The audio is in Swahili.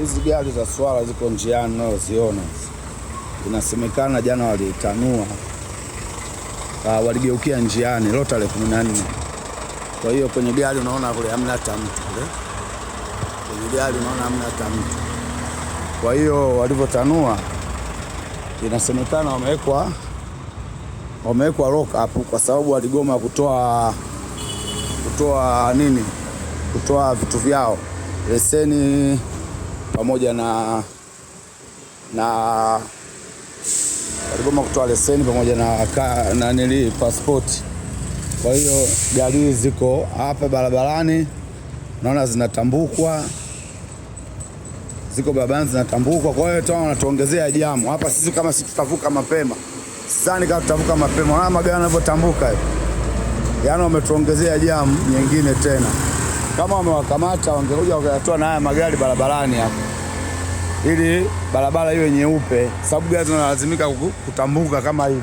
Hizi gari za Swala ziko njiani unaoziona inasemekana jana walitanua, uh, waligeukia njiani lota ile 14. Kwa hiyo kwenye gari unaona kule hamna hata mtu kule, kwenye gari unaona hamna hata mtu. Kwa hiyo walivyotanua, inasemekana wamewekwa wamewekwa lock up kwa sababu waligoma kutoa kutoa nini, kutoa vitu vyao leseni pamoja na na waligoma kutoa leseni pamoja na ka, na nili passport. Kwa hiyo gari ziko hapa barabarani, naona zinatambukwa, ziko barabarani zinatambukwa. Kwa hiyo tu wanatuongezea jamu hapa. Sisi kama si tutavuka mapema, sidhani kama tutavuka mapema, na magari yanavyotambuka yaani wametuongezea jamu nyingine tena. Kama wamewakamata wangekuja wakayatoa na haya magari barabarani hapa ili barabara iwe nyeupe, sababu gari zinalazimika kutambuka kama hivi.